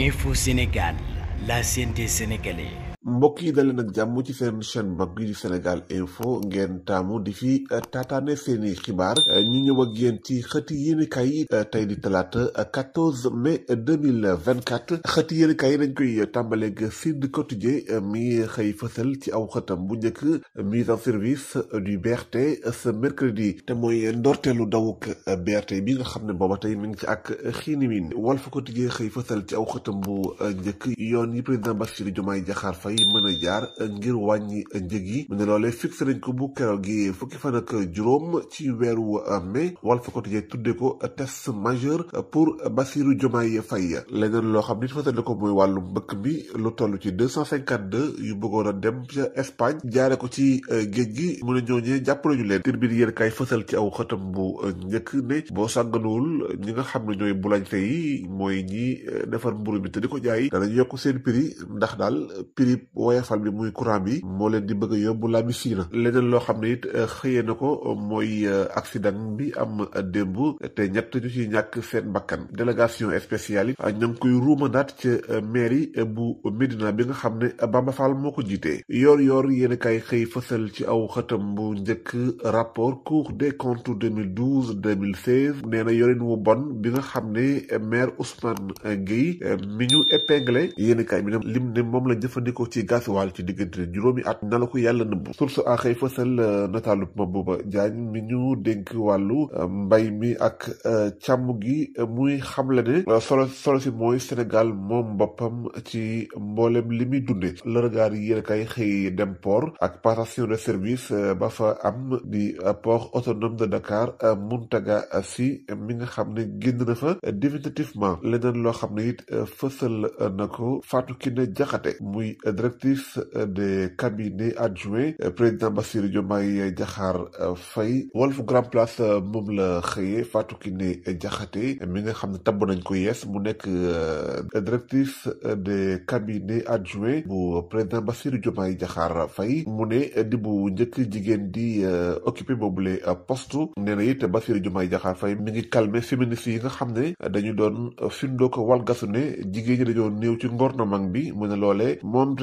Info Sénégal, la CNT sénégalaise. mbokk yi daleen ak jàmm ci seen chaîne mag bi di Sénégal info ngeen taamu di fi taataane seeni xibaar ñu ñëw ak yéen ci xëti yéenekaay kay tey di talaata 14 mai 2024 xëti yéenekaay kay dañ koy tàmbaleeg Sud Quotidien mi xëy fësal ci aw xëtam bu njëkk mise en service du BRT ce mercredi te mooy ndorteelu dawuk BRT bi nga xam ne booba tey mi ngi ci ak xiini min Walf Quotidien xëy fësal ci aw xëtam bu njëkk yoon yi président Bassirou Diomaye Diakhar fay yi mën a jaar ngir wàññi njëg yi mu ne loolee fixé nañ ko bu keroog gi fukki fa ak juróom ci weeru mai Walf Quotidien tudde ko test majeur pour Bassirou Diomaye Faye leneen loo xam nit fasale ko mooy wàllu mbëkk mi lu toll ci deux cent cinquante deux yu bëggoon a dem ca Espagne jaare ko ci euh, géej gi mu ne ñooñee jàppale ñu leen tirbine yéen kaay fësal ci aw xëtam bu njëkk ne boo sàgganuwul ñi nga xam ne ñooy bulañte yi mooy ñi euh, defar mburu bi te di ko jaay danañ yokk seen prix ndax daal woyefal bi muy courant bi moo leen di bëgg a yóbbu la bi siina leneen loo xam ne it euh, xëyee na ko mooy euh, accident bi am euh, démb te ñett ñu ci ñàkk seen bakkan délégation spéciale yi ña ngi koy ci ca yi bu Médina bi nga xam ne Bamba Fall moo ko jiitee yoor yoor yéen kay xëy fësal ci aw xëtam bu njëkk rapport Cour des comptes 2012 2016 nee na yorin wu bon bi nga xam ne maire Ousmane Gueye mi ñu épinglé yéen kay bi ne lim ne moom la jëfandikoo ci gasoil ci diggante juróomi at na la ko yàlla nëbb source a xëy fësal euh, nataalub Mabouba Diagne mi ñu dénk wàllu euh, mbay mi ak euh, càmm gi muy xamle ne solo solo si mooy Sénégal moom boppam ci mboolem li muy dunde le regard yi yéen kay xëy dem port ak passation de service ba fa am di port autonome de Dakar Mountaga Sy mi nga xam ne génn na fa définitivement leneen loo xam ne it fësal na ko Fatou Kiné Diakhaté muy directrice euh, des cabinets adjoints euh, président Bassirou Diomaye Diakhar euh, Faye Walf Place moom la xëyee Fatou Kiné Diakhaté mi nga xam ne tabb nañ ko yees mu nekk directrice des cabinets adjoints bu président Bassirou Diomaye Diakhar Faye mu ne di bu njëkk jigéen di occupé boobule poste nee na it Bassirou Diomaye Diakhar fay mi ngi calmé féministes yi nga xam ne dañu doon findoo ko walgasu ne jigéen ñi dañoo néew ci ngornamang bi mu ne loolee moom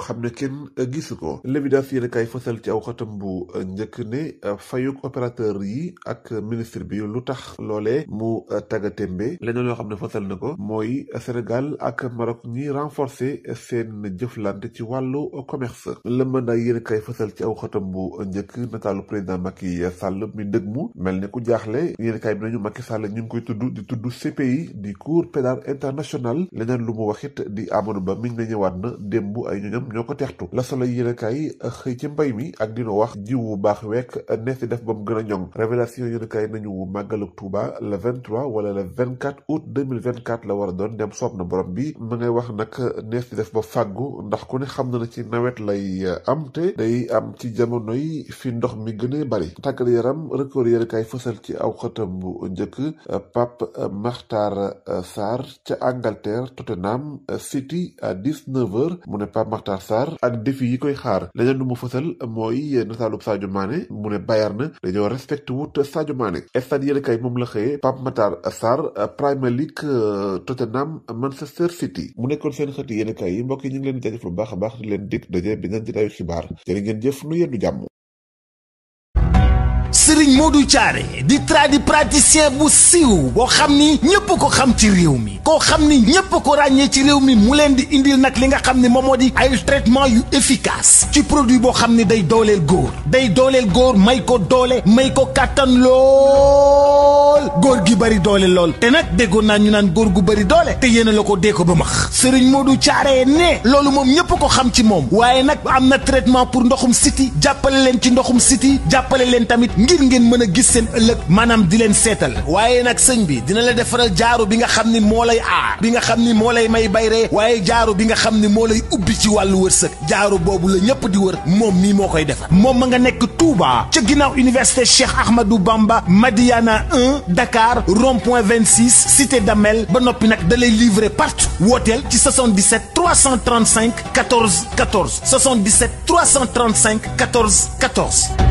xam ne kenn euh, gisu ko l'évidence yéen kay fësal ci aw xatam bu euh, njëkk ne euh, fayuk opérateur yi ak ministre bi lu tax loole mu tagga tembe leneen loo xam ne fësal na ko mooy Sénégal ak Maroc ñi renforcer seen jëflante ci wàllu commerce le mandat yéen kay fësal ci aw xatam bu njëkk nataalu président Macky Sall mi dëgmu mel ne ku jaaxle yéen kaay bi nañu Macky Sall ñu ngi koy tudd di tudd CPI di Cour pénale internationale leneen lu mu waxit di Amadou Ba miñ na ñëwaat na démb ay ñoñam ñoo ko teextu la solo yéenekaay euh, xëy ci mbay mi ak dina wax jiw wu baax wekk euh, nees di def ba mu gën a ñoŋ révélation yéenekaay nañu màggalug Tuuba le 23 wala le 24 août 2024 la war a doon dem soob na borom bi ma ngay wax nag euh, nees di def ba fàggu ndax ku ne xam na na ci nawet lay am te day am ci jamonoy fi ndox mi gën a bari tàggat yaram record yéenekaay fësal ci aw xëtam bu njëkk Pape Makhtar Sarr ca Angleterre Tottenham City à 19h mu ne Pape Makhtar Pape ak défi yi koy xaar leneen lu mu fësal mooy nataalub Sadio maane mu ne Bayern dañoo respecté wut Sadio Mané stade yéen kay moom la xëyee Pape Matar Sarr Premier League Tottenham Manchester City mu nekkoon seen xëti yéen kay mbokk yi ñu ngi leen di jaajëf lu baax a baax di leen dig daje beneen jotaayu xibaar jërë ngeen jëf nu yendu jàmm Serigne du Thiaré di di tradipraticien bu siiw boo xam ni ñëpp ko xam ci réew mi koo xam ni ñëpp ko ràññee ci réew mi mu leen di indil nag li nga xam ni moom moo di ay traitement yu efficace ci produit boo xam ni day dooleel góor day dooleel góor may ko doole may ko kàttan loo lool góor gi bëri doole lool te nag déggoon naa ñu naan góor gu bëri doole te yéen la ko dee ko ba max Serigne Modou Thiaré nee loolu moom ñëpp ko xam ci moom waaye nag am na traitement pour ndoxum siti jàppale leen ci ndoxum siti jàppale leen tamit ngir ngeen mën a gis seen ëllëg maanaam di leen seetal waaye nag sëñ bi dina la defaral jaaro bi nga xam ni moo lay aar bi nga xam ni moo lay may bayree waaye jaaro bi nga xam ni moo lay ubbi ci wàllu wërsëg jaaru boobu la ñëpp di wër moom mii moo koy defar moom ma nga nekk Touba ca ginnaaw université Cheikh Ahmadou Bamba Madiana 1 Dakar rond-point 26 cité Damel ba de les livrer partout 77 335 14 14 77 335 14 14.